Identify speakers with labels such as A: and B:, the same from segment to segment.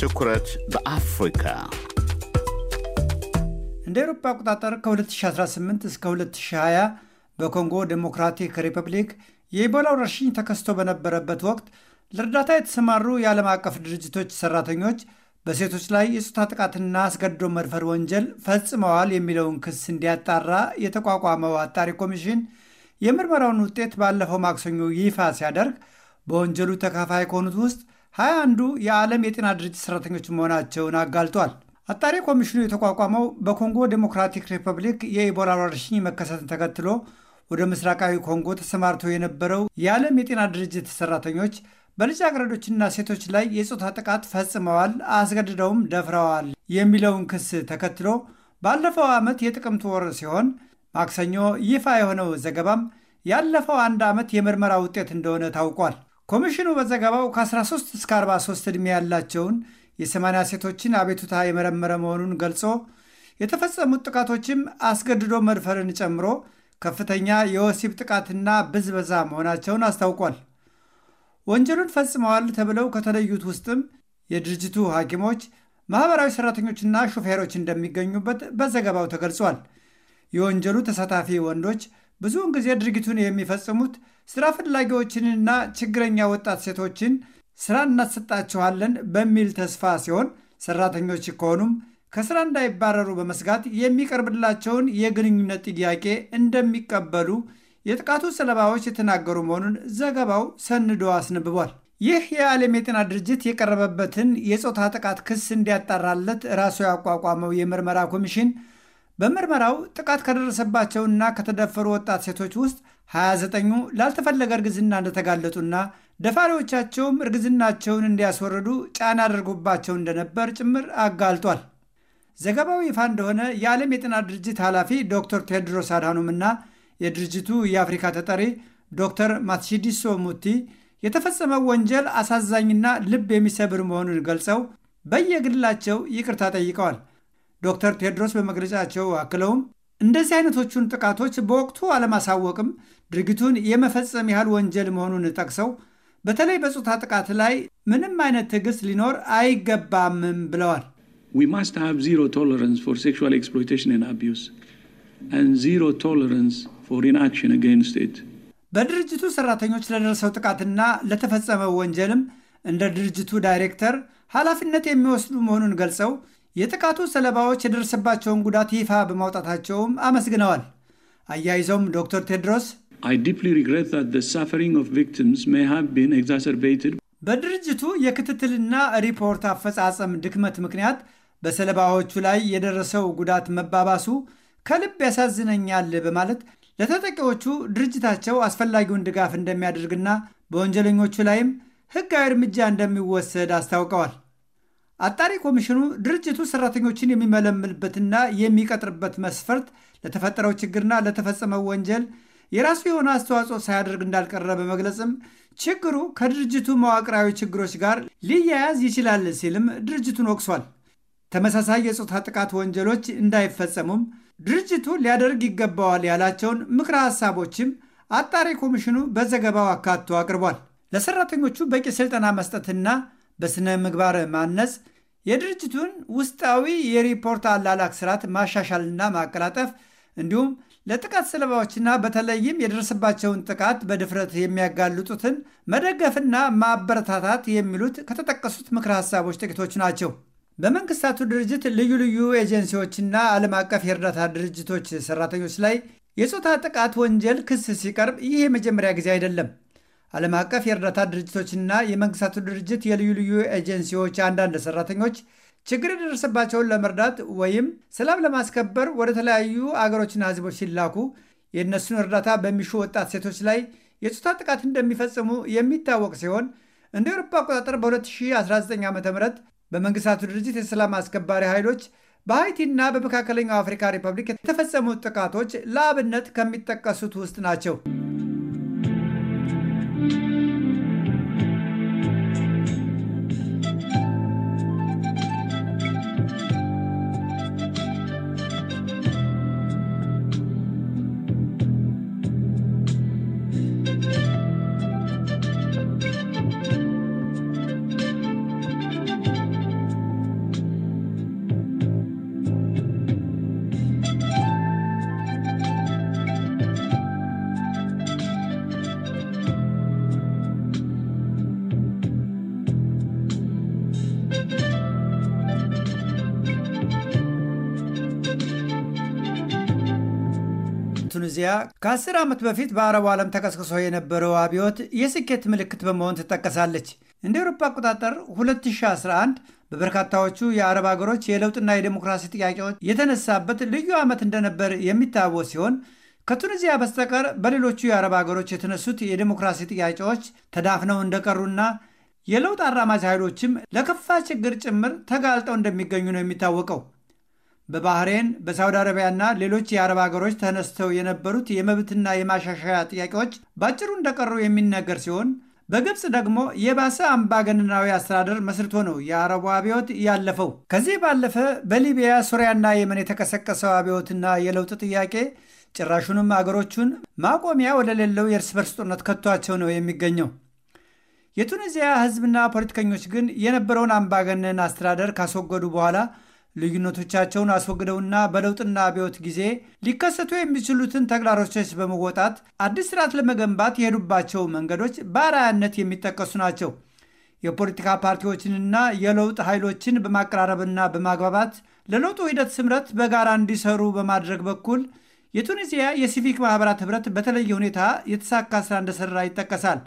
A: ትኩረት በአፍሪካ
B: እንደ ኤሮፓ አቆጣጠር ከ2018 እስከ 2020 በኮንጎ ዴሞክራቲክ ሪፐብሊክ የኢቦላ ወረርሽኝ ተከስቶ በነበረበት ወቅት ለእርዳታ የተሰማሩ የዓለም አቀፍ ድርጅቶች ሰራተኞች በሴቶች ላይ የጾታ ጥቃትና አስገድዶ መድፈር ወንጀል ፈጽመዋል የሚለውን ክስ እንዲያጣራ የተቋቋመው አጣሪ ኮሚሽን የምርመራውን ውጤት ባለፈው ማክሰኞ ይፋ ሲያደርግ በወንጀሉ ተካፋይ ከሆኑት ውስጥ ሀያ አንዱ የዓለም የጤና ድርጅት ሰራተኞች መሆናቸውን አጋልጧል። አጣሪ ኮሚሽኑ የተቋቋመው በኮንጎ ዴሞክራቲክ ሪፐብሊክ የኢቦላ ወረርሽኝ መከሰትን ተከትሎ ወደ ምስራቃዊ ኮንጎ ተሰማርተው የነበረው የዓለም የጤና ድርጅት ሰራተኞች በልጃገረዶችና ሴቶች ላይ የፆታ ጥቃት ፈጽመዋል፣ አስገድደውም ደፍረዋል የሚለውን ክስ ተከትሎ ባለፈው ዓመት የጥቅምት ወር ሲሆን ማክሰኞ ይፋ የሆነው ዘገባም ያለፈው አንድ ዓመት የምርመራ ውጤት እንደሆነ ታውቋል። ኮሚሽኑ በዘገባው ከ13 እስከ 43 ዕድሜ ያላቸውን የ80 ሴቶችን አቤቱታ የመረመረ መሆኑን ገልጾ የተፈጸሙት ጥቃቶችም አስገድዶ መድፈርን ጨምሮ ከፍተኛ የወሲብ ጥቃትና ብዝበዛ መሆናቸውን አስታውቋል። ወንጀሉን ፈጽመዋል ተብለው ከተለዩት ውስጥም የድርጅቱ ሐኪሞች፣ ማኅበራዊ ሠራተኞችና ሹፌሮች እንደሚገኙበት በዘገባው ተገልጿል። የወንጀሉ ተሳታፊ ወንዶች ብዙውን ጊዜ ድርጊቱን የሚፈጽሙት ስራ ፈላጊዎችንና ችግረኛ ወጣት ሴቶችን ስራ እናሰጣችኋለን በሚል ተስፋ ሲሆን ሰራተኞች ከሆኑም ከስራ እንዳይባረሩ በመስጋት የሚቀርብላቸውን የግንኙነት ጥያቄ እንደሚቀበሉ የጥቃቱ ሰለባዎች የተናገሩ መሆኑን ዘገባው ሰንዶ አስነብቧል። ይህ የዓለም የጤና ድርጅት የቀረበበትን የጾታ ጥቃት ክስ እንዲያጣራለት ራሱ ያቋቋመው የምርመራ ኮሚሽን በምርመራው ጥቃት ከደረሰባቸውና ከተደፈሩ ወጣት ሴቶች ውስጥ 29ኙ ላልተፈለገ እርግዝና እንደተጋለጡና ደፋሪዎቻቸውም እርግዝናቸውን እንዲያስወርዱ ጫና አድርጎባቸው እንደነበር ጭምር አጋልጧል። ዘገባው ይፋ እንደሆነ የዓለም የጤና ድርጅት ኃላፊ ዶክተር ቴድሮስ አድሃኖምና የድርጅቱ የአፍሪካ ተጠሪ ዶክተር ማትሺዲሶ ሙቲ የተፈጸመው ወንጀል አሳዛኝና ልብ የሚሰብር መሆኑን ገልጸው በየግላቸው ይቅርታ ጠይቀዋል። ዶክተር ቴድሮስ በመግለጫቸው አክለውም እንደዚህ አይነቶቹን ጥቃቶች በወቅቱ አለማሳወቅም ድርጊቱን የመፈጸም ያህል ወንጀል መሆኑን ጠቅሰው በተለይ በጾታ ጥቃት ላይ ምንም አይነት ትዕግስት ሊኖር አይገባምም ብለዋል። በድርጅቱ ሰራተኞች ለደረሰው ጥቃትና ለተፈጸመው ወንጀልም እንደ ድርጅቱ ዳይሬክተር ኃላፊነት የሚወስዱ መሆኑን ገልጸው የጥቃቱ ሰለባዎች የደረሰባቸውን ጉዳት ይፋ በማውጣታቸውም አመስግነዋል። አያይዘውም ዶክተር ቴድሮስ I deeply regret that the suffering of victims may have been exacerbated በድርጅቱ የክትትልና ሪፖርት አፈጻጸም ድክመት ምክንያት በሰለባዎቹ ላይ የደረሰው ጉዳት መባባሱ ከልብ ያሳዝነኛል በማለት ለተጠቂዎቹ ድርጅታቸው አስፈላጊውን ድጋፍ እንደሚያደርግና በወንጀለኞቹ ላይም ህጋዊ እርምጃ እንደሚወሰድ አስታውቀዋል። አጣሪ ኮሚሽኑ ድርጅቱ ሰራተኞችን የሚመለምልበትና የሚቀጥርበት መስፈርት ለተፈጠረው ችግርና ለተፈጸመው ወንጀል የራሱ የሆነ አስተዋጽኦ ሳያደርግ እንዳልቀረ በመግለጽም ችግሩ ከድርጅቱ መዋቅራዊ ችግሮች ጋር ሊያያዝ ይችላል ሲልም ድርጅቱን ወቅሷል። ተመሳሳይ የጾታ ጥቃት ወንጀሎች እንዳይፈጸሙም ድርጅቱ ሊያደርግ ይገባዋል ያላቸውን ምክረ ሀሳቦችም አጣሪ ኮሚሽኑ በዘገባው አካቶ አቅርቧል። ለሰራተኞቹ በቂ ስልጠና መስጠትና በሥነ ምግባር ማነጽ፣ የድርጅቱን ውስጣዊ የሪፖርት አላላክ ስርዓት ማሻሻልና ማቀላጠፍ እንዲሁም ለጥቃት ሰለባዎችና በተለይም የደረሰባቸውን ጥቃት በድፍረት የሚያጋልጡትን መደገፍና ማበረታታት የሚሉት ከተጠቀሱት ምክረ ሀሳቦች ጥቂቶች ናቸው። በመንግስታቱ ድርጅት ልዩ ልዩ ኤጀንሲዎችና ዓለም አቀፍ የእርዳታ ድርጅቶች ሰራተኞች ላይ የጾታ ጥቃት ወንጀል ክስ ሲቀርብ ይህ የመጀመሪያ ጊዜ አይደለም። ዓለም አቀፍ የእርዳታ ድርጅቶችና የመንግስታቱ ድርጅት የልዩ ልዩ ኤጀንሲዎች አንዳንድ ሰራተኞች ችግር የደረሰባቸውን ለመርዳት ወይም ሰላም ለማስከበር ወደ ተለያዩ አገሮችና ህዝቦች ሲላኩ የእነሱን እርዳታ በሚሹ ወጣት ሴቶች ላይ የጾታ ጥቃት እንደሚፈጽሙ የሚታወቅ ሲሆን እንደ አውሮፓ አቆጣጠር በ2019 ዓ ም በመንግስታቱ ድርጅት የሰላም አስከባሪ ኃይሎች በሃይቲና በመካከለኛው አፍሪካ ሪፐብሊክ የተፈጸሙ ጥቃቶች ለአብነት ከሚጠቀሱት ውስጥ ናቸው። ቱኒዚያ ከአስር ዓመት በፊት በአረቡ ዓለም ተቀስቅሶ የነበረው አብዮት የስኬት ምልክት በመሆን ትጠቀሳለች። እንደ አውሮፓ አቆጣጠር 2011 በበርካታዎቹ የአረብ ሀገሮች የለውጥና የዴሞክራሲ ጥያቄዎች የተነሳበት ልዩ ዓመት እንደነበር የሚታወስ ሲሆን ከቱኒዚያ በስተቀር በሌሎቹ የአረብ ሀገሮች የተነሱት የዴሞክራሲ ጥያቄዎች ተዳፍነው እንደቀሩና የለውጥ አራማጅ ኃይሎችም ለከፋ ችግር ጭምር ተጋልጠው እንደሚገኙ ነው የሚታወቀው። በባህሬን በሳውዲ አረቢያና ሌሎች የአረብ ሀገሮች ተነስተው የነበሩት የመብትና የማሻሻያ ጥያቄዎች በአጭሩ እንደቀሩ የሚነገር ሲሆን በግብፅ ደግሞ የባሰ አምባገነናዊ አስተዳደር መስርቶ ነው የአረቡ አብዮት ያለፈው። ከዚህ ባለፈ በሊቢያ ሱሪያና የመን የተቀሰቀሰው አብዮትና የለውጥ ጥያቄ ጭራሹንም አገሮቹን ማቆሚያ ወደሌለው የእርስ በርስ ጦርነት ከቷቸው ነው የሚገኘው። የቱኒዚያ ሕዝብና ፖለቲከኞች ግን የነበረውን አምባገነን አስተዳደር ካስወገዱ በኋላ ልዩነቶቻቸውን አስወግደውና በለውጥና አብዮት ጊዜ ሊከሰቱ የሚችሉትን ተግዳሮቶች በመወጣት አዲስ ስርዓት ለመገንባት የሄዱባቸው መንገዶች በአርአያነት የሚጠቀሱ ናቸው። የፖለቲካ ፓርቲዎችንና የለውጥ ኃይሎችን በማቀራረብና በማግባባት ለለውጡ ሂደት ስምረት በጋራ እንዲሰሩ በማድረግ በኩል የቱኒዚያ የሲቪክ ማኅበራት ኅብረት በተለየ ሁኔታ የተሳካ ሥራ እንደሠራ ይጠቀሳል።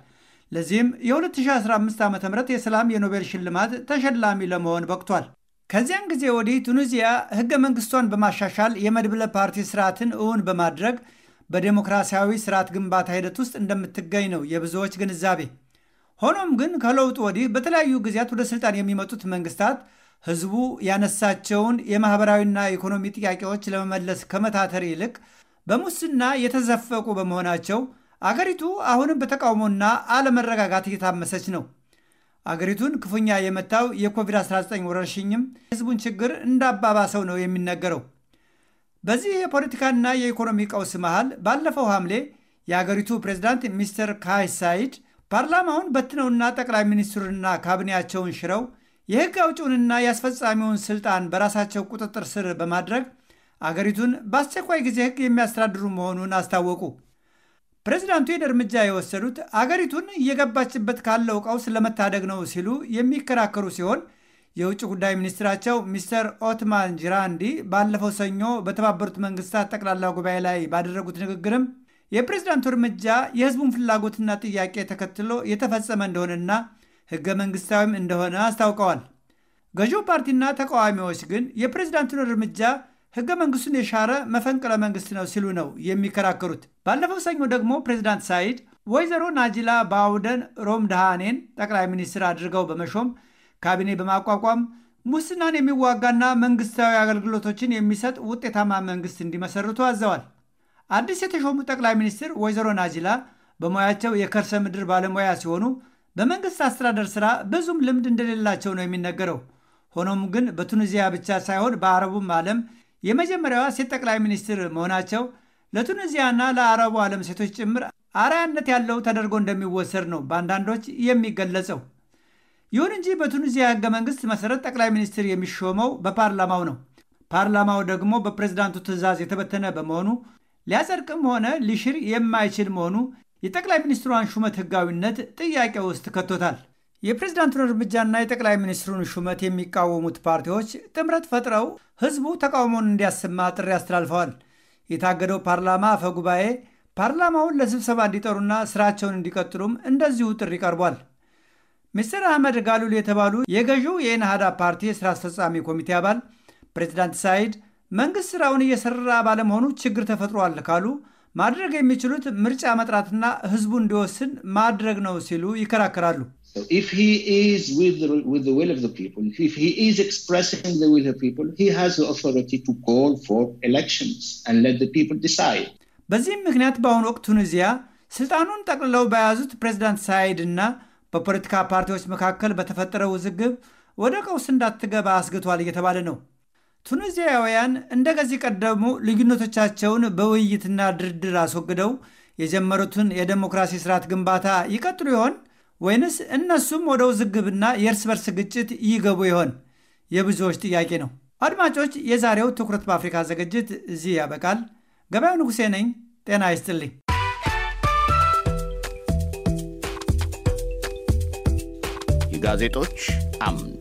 B: ለዚህም የ2015 ዓ ም የሰላም የኖቤል ሽልማት ተሸላሚ ለመሆን በቅቷል። ከዚያን ጊዜ ወዲህ ቱኒዚያ ህገ መንግስቷን በማሻሻል የመድብለ ፓርቲ ስርዓትን እውን በማድረግ በዴሞክራሲያዊ ስርዓት ግንባታ ሂደት ውስጥ እንደምትገኝ ነው የብዙዎች ግንዛቤ። ሆኖም ግን ከለውጡ ወዲህ በተለያዩ ጊዜያት ወደ ስልጣን የሚመጡት መንግስታት ህዝቡ ያነሳቸውን የማህበራዊና የኢኮኖሚ ጥያቄዎች ለመመለስ ከመታተር ይልቅ በሙስና የተዘፈቁ በመሆናቸው አገሪቱ አሁንም በተቃውሞና አለመረጋጋት እየታመሰች ነው። አገሪቱን ክፉኛ የመታው የኮቪድ-19 ወረርሽኝም የህዝቡን ችግር እንዳባባሰው ነው የሚነገረው። በዚህ የፖለቲካና የኢኮኖሚ ቀውስ መሃል ባለፈው ሐምሌ የአገሪቱ ፕሬዚዳንት ሚስተር ካይ ሳይድ ፓርላማውን በትነውና ጠቅላይ ሚኒስትሩንና ካቢኔያቸውን ሽረው የህግ አውጪውንና የአስፈጻሚውን ስልጣን በራሳቸው ቁጥጥር ስር በማድረግ አገሪቱን በአስቸኳይ ጊዜ ህግ የሚያስተዳድሩ መሆኑን አስታወቁ። ፕሬዚዳንቱ ይህን እርምጃ የወሰዱት አገሪቱን እየገባችበት ካለው ቀውስ ለመታደግ ነው ሲሉ የሚከራከሩ ሲሆን የውጭ ጉዳይ ሚኒስትራቸው ሚስተር ኦትማን ጅራንዲ ባለፈው ሰኞ በተባበሩት መንግስታት ጠቅላላ ጉባኤ ላይ ባደረጉት ንግግርም የፕሬዚዳንቱ እርምጃ የህዝቡን ፍላጎትና ጥያቄ ተከትሎ የተፈጸመ እንደሆነና ህገ መንግስታዊም እንደሆነ አስታውቀዋል። ገዢው ፓርቲና ተቃዋሚዎች ግን የፕሬዚዳንቱን እርምጃ ህገ መንግስቱን የሻረ መፈንቅለ መንግስት ነው ሲሉ ነው የሚከራከሩት። ባለፈው ሰኞ ደግሞ ፕሬዚዳንት ሳይድ ወይዘሮ ናጂላ በአውደን ሮም ድሃኔን ጠቅላይ ሚኒስትር አድርገው በመሾም ካቢኔ በማቋቋም ሙስናን የሚዋጋና መንግስታዊ አገልግሎቶችን የሚሰጥ ውጤታማ መንግስት እንዲመሰርቱ አዘዋል። አዲስ የተሾሙ ጠቅላይ ሚኒስትር ወይዘሮ ናጂላ በሙያቸው የከርሰ ምድር ባለሙያ ሲሆኑ በመንግስት አስተዳደር ስራ ብዙም ልምድ እንደሌላቸው ነው የሚነገረው። ሆኖም ግን በቱኒዚያ ብቻ ሳይሆን በአረቡም ዓለም የመጀመሪያዋ ሴት ጠቅላይ ሚኒስትር መሆናቸው ለቱኒዚያና ለአረቡ ዓለም ሴቶች ጭምር አርአያነት ያለው ተደርጎ እንደሚወሰድ ነው በአንዳንዶች የሚገለጸው። ይሁን እንጂ በቱኒዚያ ሕገ መንግሥት መሠረት ጠቅላይ ሚኒስትር የሚሾመው በፓርላማው ነው። ፓርላማው ደግሞ በፕሬዝዳንቱ ትዕዛዝ የተበተነ በመሆኑ ሊያጸድቅም ሆነ ሊሽር የማይችል መሆኑ የጠቅላይ ሚኒስትሯን ሹመት ሕጋዊነት ጥያቄ ውስጥ ከቶታል። የፕሬዝዳንቱን እርምጃና የጠቅላይ ሚኒስትሩን ሹመት የሚቃወሙት ፓርቲዎች ጥምረት ፈጥረው ህዝቡ ተቃውሞን እንዲያሰማ ጥሪ አስተላልፈዋል። የታገደው ፓርላማ አፈ ጉባኤ ፓርላማውን ለስብሰባ እንዲጠሩና ስራቸውን እንዲቀጥሉም እንደዚሁ ጥሪ ቀርቧል። ሚስትር አህመድ ጋሉል የተባሉ የገዢው የኢንሃዳ ፓርቲ የሥራ አስፈጻሚ ኮሚቴ አባል ፕሬዚዳንት ሳይድ መንግሥት ሥራውን እየሰራ ባለመሆኑ ችግር ተፈጥሯል ካሉ ማድረግ የሚችሉት ምርጫ መጥራትና ህዝቡ እንዲወስን ማድረግ ነው ሲሉ ይከራከራሉ። So if he is with the, with the will of the people, if he is expressing the will of the people, he has the authority to call for elections and let the people decide. በዚህም ምክንያት በአሁኑ ወቅት ቱኒዚያ ስልጣኑን ጠቅልለው በያዙት ፕሬዚዳንት ሳይድ እና በፖለቲካ ፓርቲዎች መካከል በተፈጠረው ውዝግብ ወደ ቀውስ እንዳትገባ አስግቷል እየተባለ ነው። ቱኒዚያውያን እንደ ከዚህ ቀደሙ ልዩነቶቻቸውን በውይይትና ድርድር አስወግደው የጀመሩትን የዴሞክራሲ ስርዓት ግንባታ ይቀጥሉ ይሆን? ወይንስ እነሱም ወደ ውዝግብና የእርስ በርስ ግጭት ይገቡ ይሆን? የብዙዎች ጥያቄ ነው። አድማጮች፣ የዛሬው ትኩረት በአፍሪካ ዝግጅት እዚህ ያበቃል። ገበያው ንጉሴ ነኝ። ጤና ይስጥልኝ።
A: ጋዜጦች አምድ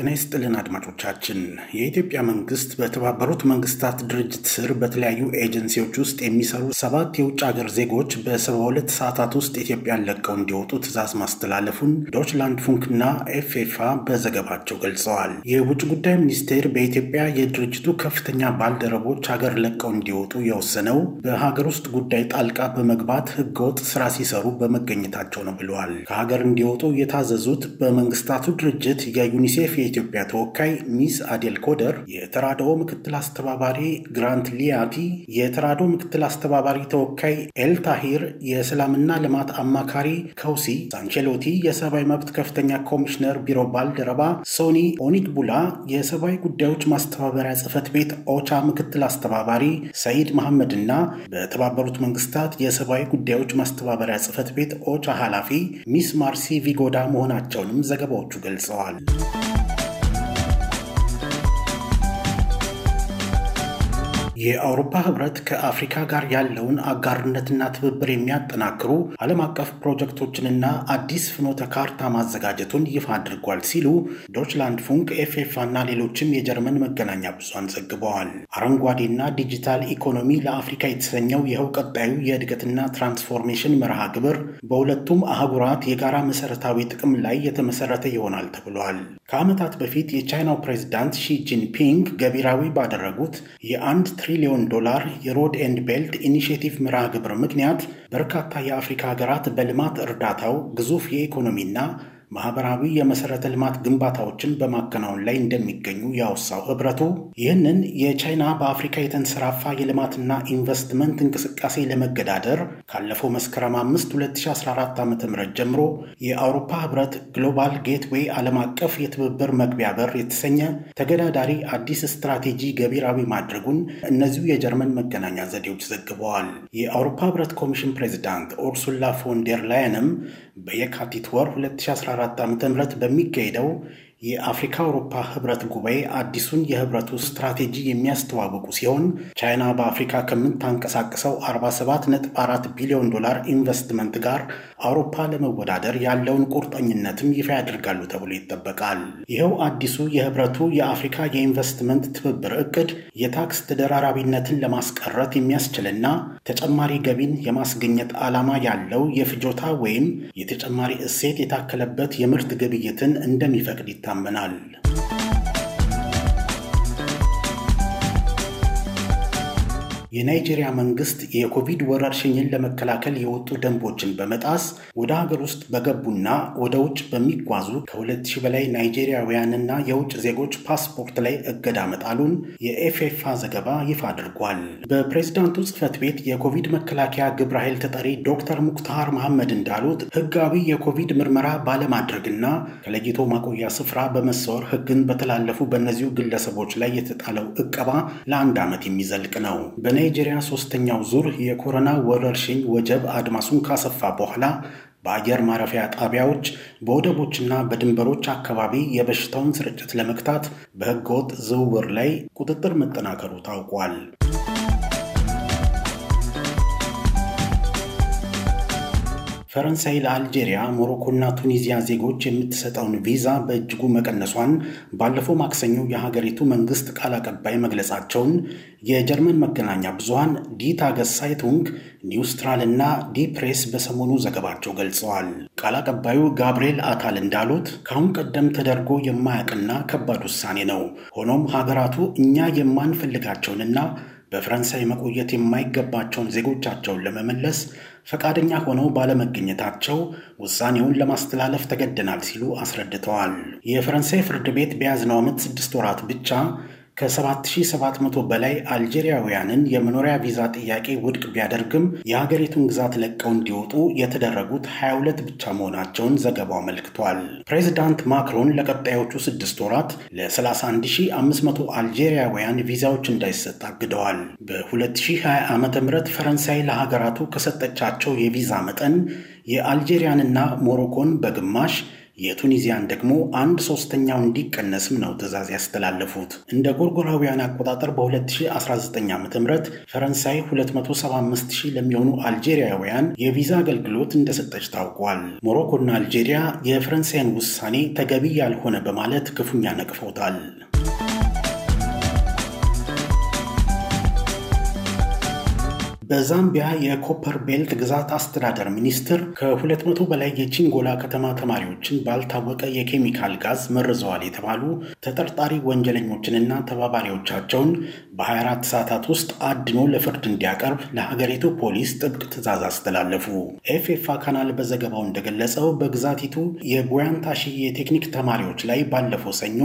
A: ጤና ይስጥልን አድማጮቻችን። የኢትዮጵያ መንግስት በተባበሩት መንግስታት ድርጅት ስር በተለያዩ ኤጀንሲዎች ውስጥ የሚሰሩ ሰባት የውጭ ሀገር ዜጎች በሰባ ሁለት ሰዓታት ውስጥ ኢትዮጵያን ለቀው እንዲወጡ ትዕዛዝ ማስተላለፉን ዶችላንድ ፉንክና ኤፍኤፋ በዘገባቸው ገልጸዋል። የውጭ ጉዳይ ሚኒስቴር በኢትዮጵያ የድርጅቱ ከፍተኛ ባልደረቦች ሀገር ለቀው እንዲወጡ የወሰነው በሀገር ውስጥ ጉዳይ ጣልቃ በመግባት ህገወጥ ስራ ሲሰሩ በመገኘታቸው ነው ብለዋል። ከሀገር እንዲወጡ የታዘዙት በመንግስታቱ ድርጅት የዩኒሴፍ የኢትዮጵያ ተወካይ ሚስ አዴል ኮደር፣ የተራድኦ ምክትል አስተባባሪ ግራንት ሊያቲ፣ የተራድኦ ምክትል አስተባባሪ ተወካይ ኤልታሂር፣ የሰላምና ልማት አማካሪ ከውሲ ሳንቸሎቲ፣ የሰብአዊ መብት ከፍተኛ ኮሚሽነር ቢሮ ባልደረባ ሶኒ ኦኒግቡላ፣ የሰብአዊ ጉዳዮች ማስተባበሪያ ጽህፈት ቤት ኦቻ ምክትል አስተባባሪ ሰይድ መሐመድ እና በተባበሩት መንግስታት የሰብአዊ ጉዳዮች ማስተባበሪያ ጽህፈት ቤት ኦቻ ኃላፊ ሚስ ማርሲ ቪጎዳ መሆናቸውንም ዘገባዎቹ ገልጸዋል። የአውሮፓ ህብረት ከአፍሪካ ጋር ያለውን አጋርነትና ትብብር የሚያጠናክሩ ዓለም አቀፍ ፕሮጀክቶችንና አዲስ ፍኖተ ካርታ ማዘጋጀቱን ይፋ አድርጓል ሲሉ ዶችላንድ ፉንክ፣ ኤፍኤፋ እና ሌሎችም የጀርመን መገናኛ ብዙሃን ዘግበዋል። አረንጓዴና ዲጂታል ኢኮኖሚ ለአፍሪካ የተሰኘው ይኸው ቀጣዩ የእድገትና ትራንስፎርሜሽን መርሃ ግብር በሁለቱም አህጉራት የጋራ መሰረታዊ ጥቅም ላይ የተመሰረተ ይሆናል ተብሏል። ከዓመታት በፊት የቻይናው ፕሬዚዳንት ሺ ጂንፒንግ ገቢራዊ ባደረጉት የአንድ ትሪሊዮን ዶላር የሮድ ኤንድ ቤልት ኢኒሽቲቭ መርሃ ግብር ምክንያት በርካታ የአፍሪካ ሀገራት በልማት እርዳታው ግዙፍ የኢኮኖሚና ማህበራዊ የመሰረተ ልማት ግንባታዎችን በማከናወን ላይ እንደሚገኙ ያወሳው ህብረቱ ይህንን የቻይና በአፍሪካ የተንሰራፋ የልማትና ኢንቨስትመንት እንቅስቃሴ ለመገዳደር ካለፈው መስከረም 5 2014 ዓ ም ጀምሮ የአውሮፓ ህብረት ግሎባል ጌትዌይ ዓለም አቀፍ የትብብር መግቢያ በር የተሰኘ ተገዳዳሪ አዲስ ስትራቴጂ ገቢራዊ ማድረጉን እነዚሁ የጀርመን መገናኛ ዘዴዎች ዘግበዋል። የአውሮፓ ህብረት ኮሚሽን ፕሬዚዳንት ኦርሱላ ፎንደር ላይንም ላየንም በየካቲት ወር 2014 ዓ ም በሚካሄደው የአፍሪካ አውሮፓ ህብረት ጉባኤ አዲሱን የህብረቱ ስትራቴጂ የሚያስተዋውቁ ሲሆን ቻይና በአፍሪካ ከምታንቀሳቀሰው 47.4 ቢሊዮን ዶላር ኢንቨስትመንት ጋር አውሮፓ ለመወዳደር ያለውን ቁርጠኝነትም ይፋ ያደርጋሉ ተብሎ ይጠበቃል። ይኸው አዲሱ የህብረቱ የአፍሪካ የኢንቨስትመንት ትብብር እቅድ የታክስ ተደራራቢነትን ለማስቀረት የሚያስችልና ተጨማሪ ገቢን የማስገኘት ዓላማ ያለው የፍጆታ ወይም የተጨማሪ እሴት የታከለበት የምርት ግብይትን እንደሚፈቅድ ይታመናል። የናይጄሪያ መንግስት የኮቪድ ወረርሽኝን ለመከላከል የወጡ ደንቦችን በመጣስ ወደ ሀገር ውስጥ በገቡና ወደ ውጭ በሚጓዙ ከሁለት ሺህ በላይ ናይጄሪያውያንና የውጭ ዜጎች ፓስፖርት ላይ እገዳ መጣሉን የኤፍኤፋ ዘገባ ይፋ አድርጓል። በፕሬዚዳንቱ ጽህፈት ቤት የኮቪድ መከላከያ ግብረ ኃይል ተጠሪ ዶክተር ሙክታር መሐመድ እንዳሉት ህጋዊ የኮቪድ ምርመራ ባለማድረግና ከለይቶ ማቆያ ስፍራ በመሰወር ህግን በተላለፉ በእነዚሁ ግለሰቦች ላይ የተጣለው እቀባ ለአንድ ዓመት የሚዘልቅ ነው። በናይጄሪያ ሶስተኛው ዙር የኮሮና ወረርሽኝ ወጀብ አድማሱን ካሰፋ በኋላ በአየር ማረፊያ ጣቢያዎች በወደቦችና በድንበሮች አካባቢ የበሽታውን ስርጭት ለመግታት በህገወጥ ዝውውር ላይ ቁጥጥር መጠናከሩ ታውቋል። ፈረንሳይ ለአልጄሪያ፣ ሞሮኮና ቱኒዚያ ዜጎች የምትሰጠውን ቪዛ በእጅጉ መቀነሷን ባለፈው ማክሰኞ የሀገሪቱ መንግስት ቃል አቀባይ መግለጻቸውን የጀርመን መገናኛ ብዙኃን ዲታገስ ሳይቱንግ፣ ኒውስትራል እና ዲፕሬስ በሰሞኑ ዘገባቸው ገልጸዋል። ቃል አቀባዩ ጋብርኤል አታል እንዳሉት ከአሁን ቀደም ተደርጎ የማያውቅና ከባድ ውሳኔ ነው። ሆኖም ሀገራቱ እኛ የማንፈልጋቸውንና በፈረንሳይ መቆየት የማይገባቸውን ዜጎቻቸውን ለመመለስ ፈቃደኛ ሆነው ባለመገኘታቸው ውሳኔውን ለማስተላለፍ ተገደናል ሲሉ አስረድተዋል። የፈረንሳይ ፍርድ ቤት በያዝነው ዓመት ስድስት ወራት ብቻ ከ7700 በላይ አልጄሪያውያንን የመኖሪያ ቪዛ ጥያቄ ውድቅ ቢያደርግም የሀገሪቱን ግዛት ለቀው እንዲወጡ የተደረጉት 22 ብቻ መሆናቸውን ዘገባው አመልክቷል። ፕሬዚዳንት ማክሮን ለቀጣዮቹ ስድስት ወራት ለ31500 አልጄሪያውያን ቪዛዎች እንዳይሰጥ አግደዋል። በ2020 ዓ ም ፈረንሳይ ለሀገራቱ ከሰጠቻቸው የቪዛ መጠን የአልጄሪያንና ሞሮኮን በግማሽ የቱኒዚያን ደግሞ አንድ ሶስተኛው እንዲቀነስም ነው ትዕዛዝ ያስተላለፉት። እንደ ጎርጎራውያን አቆጣጠር በ2019 ዓ ም ፈረንሳይ 275 ሺህ ለሚሆኑ አልጄሪያውያን የቪዛ አገልግሎት እንደሰጠች ታውቋል። ሞሮኮና አልጄሪያ የፈረንሳይን ውሳኔ ተገቢ ያልሆነ በማለት ክፉኛ ነቅፈውታል። በዛምቢያ የኮፐር ቤልት ግዛት አስተዳደር ሚኒስትር ከ200 በላይ የቺንጎላ ከተማ ተማሪዎችን ባልታወቀ የኬሚካል ጋዝ መርዘዋል የተባሉ ተጠርጣሪ ወንጀለኞችንና ተባባሪዎቻቸውን በ24 ሰዓታት ውስጥ አድኖ ለፍርድ እንዲያቀርብ ለሀገሪቱ ፖሊስ ጥብቅ ትዕዛዝ አስተላለፉ። ኤፍኤፋ ካናል በዘገባው እንደገለጸው በግዛቲቱ የቡያንታሺ የቴክኒክ ተማሪዎች ላይ ባለፈው ሰኞ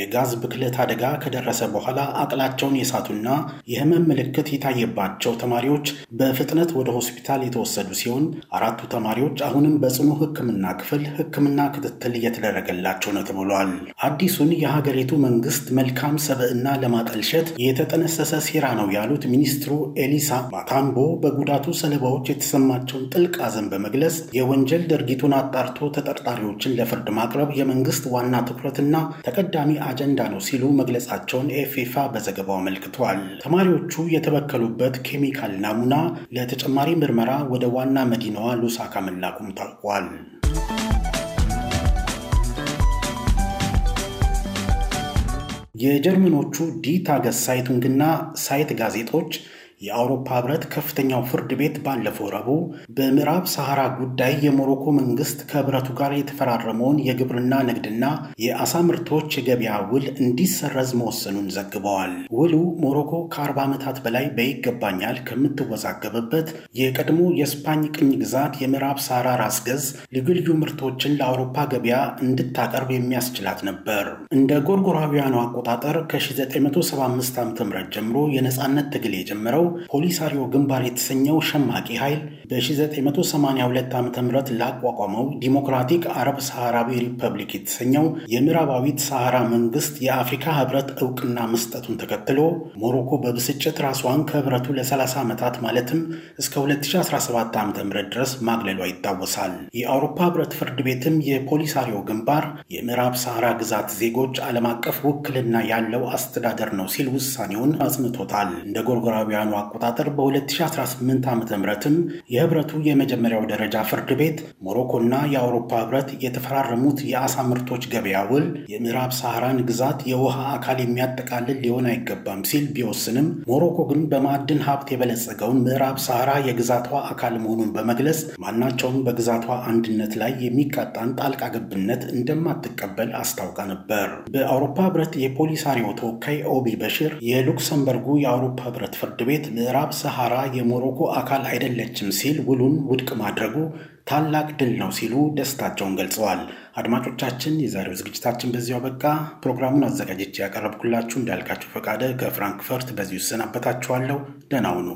A: የጋዝ ብክለት አደጋ ከደረሰ በኋላ አቅላቸውን የሳቱና የህመም ምልክት የታየባቸው ተማሪዎች ተማሪዎች በፍጥነት ወደ ሆስፒታል የተወሰዱ ሲሆን አራቱ ተማሪዎች አሁንም በጽኑ ሕክምና ክፍል ሕክምና ክትትል እየተደረገላቸው ነው ተብሏል። አዲሱን የሀገሪቱ መንግስት መልካም ሰብዕና ለማጠልሸት የተጠነሰሰ ሴራ ነው ያሉት ሚኒስትሩ ኤሊሳ ማታምቦ በጉዳቱ ሰለባዎች የተሰማቸውን ጥልቅ ሐዘን በመግለጽ የወንጀል ድርጊቱን አጣርቶ ተጠርጣሪዎችን ለፍርድ ማቅረብ የመንግስት ዋና ትኩረትና ተቀዳሚ አጀንዳ ነው ሲሉ መግለጻቸውን ኤፌፋ በዘገባው አመልክቷል። ተማሪዎቹ የተበከሉበት ኬሚካልና ሳሙና ለተጨማሪ ምርመራ ወደ ዋና መዲናዋ ሉሳካ መላኩም ታውቋል። የጀርመኖቹ ዲ ታገስ ሳይቱንግና ሳይት ጋዜጦች የአውሮፓ ህብረት ከፍተኛው ፍርድ ቤት ባለፈው ረቡዕ በምዕራብ ሰሐራ ጉዳይ የሞሮኮ መንግስት ከህብረቱ ጋር የተፈራረመውን የግብርና ንግድና የአሳ ምርቶች የገበያ ውል እንዲሰረዝ መወሰኑን ዘግበዋል። ውሉ ሞሮኮ ከ40 ዓመታት በላይ በይገባኛል ከምትወዛገብበት የቀድሞ የስፓኝ ቅኝ ግዛት የምዕራብ ሰሐራ ራስ ገዝ ልዩ ልዩ ምርቶችን ለአውሮፓ ገበያ እንድታቀርብ የሚያስችላት ነበር። እንደ ጎርጎራውያኑ አቆጣጠር ከ1975 ዓ ም ጀምሮ የነፃነት ትግል የጀመረው ፖሊሳሪዮ ግንባር የተሰኘው ሸማቂ ኃይል በ1982 ዓ ም ላቋቋመው ዲሞክራቲክ አረብ ሰሐራዊ ሪፐብሊክ የተሰኘው የምዕራባዊት ሰሐራ መንግስት የአፍሪካ ህብረት እውቅና መስጠቱን ተከትሎ ሞሮኮ በብስጭት ራሷን ከህብረቱ ለ30 ዓመታት ማለትም እስከ 2017 ዓ ም ድረስ ማግለሏ ይታወሳል። የአውሮፓ ህብረት ፍርድ ቤትም የፖሊሳሪዮ ግንባር የምዕራብ ሰሐራ ግዛት ዜጎች ዓለም አቀፍ ውክልና ያለው አስተዳደር ነው ሲል ውሳኔውን አጽንቶታል። እንደ ጎርጎራውያኑ አቆጣጠር በ2018 ዓ ምትም የህብረቱ የመጀመሪያው ደረጃ ፍርድ ቤት ሞሮኮና የአውሮፓ ህብረት የተፈራረሙት የአሳ ምርቶች ገበያ ውል የምዕራብ ሳህራን ግዛት የውሃ አካል የሚያጠቃልል ሊሆን አይገባም ሲል ቢወስንም ሞሮኮ ግን በማዕድን ሀብት የበለጸገውን ምዕራብ ሳህራ የግዛቷ አካል መሆኑን በመግለጽ ማናቸውም በግዛቷ አንድነት ላይ የሚቃጣን ጣልቃ ገብነት እንደማትቀበል አስታውቃ ነበር። በአውሮፓ ህብረት የፖሊሳሪዮ ተወካይ ኦቢ በሽር የሉክሰምበርጉ የአውሮፓ ህብረት ፍርድ ቤት ምዕራብ ሰሃራ የሞሮኮ አካል አይደለችም ሲል ሲል ውሉን ውድቅ ማድረጉ ታላቅ ድል ነው ሲሉ ደስታቸውን ገልጸዋል። አድማጮቻችን፣ የዛሬው ዝግጅታችን በዚያው በቃ። ፕሮግራሙን አዘጋጅቼ
B: ያቀረብኩላችሁ እንዳልካቸው ፈቃደ ከፍራንክፈርት በዚሁ እሰናበታችኋለሁ። ደህና ሁኑ።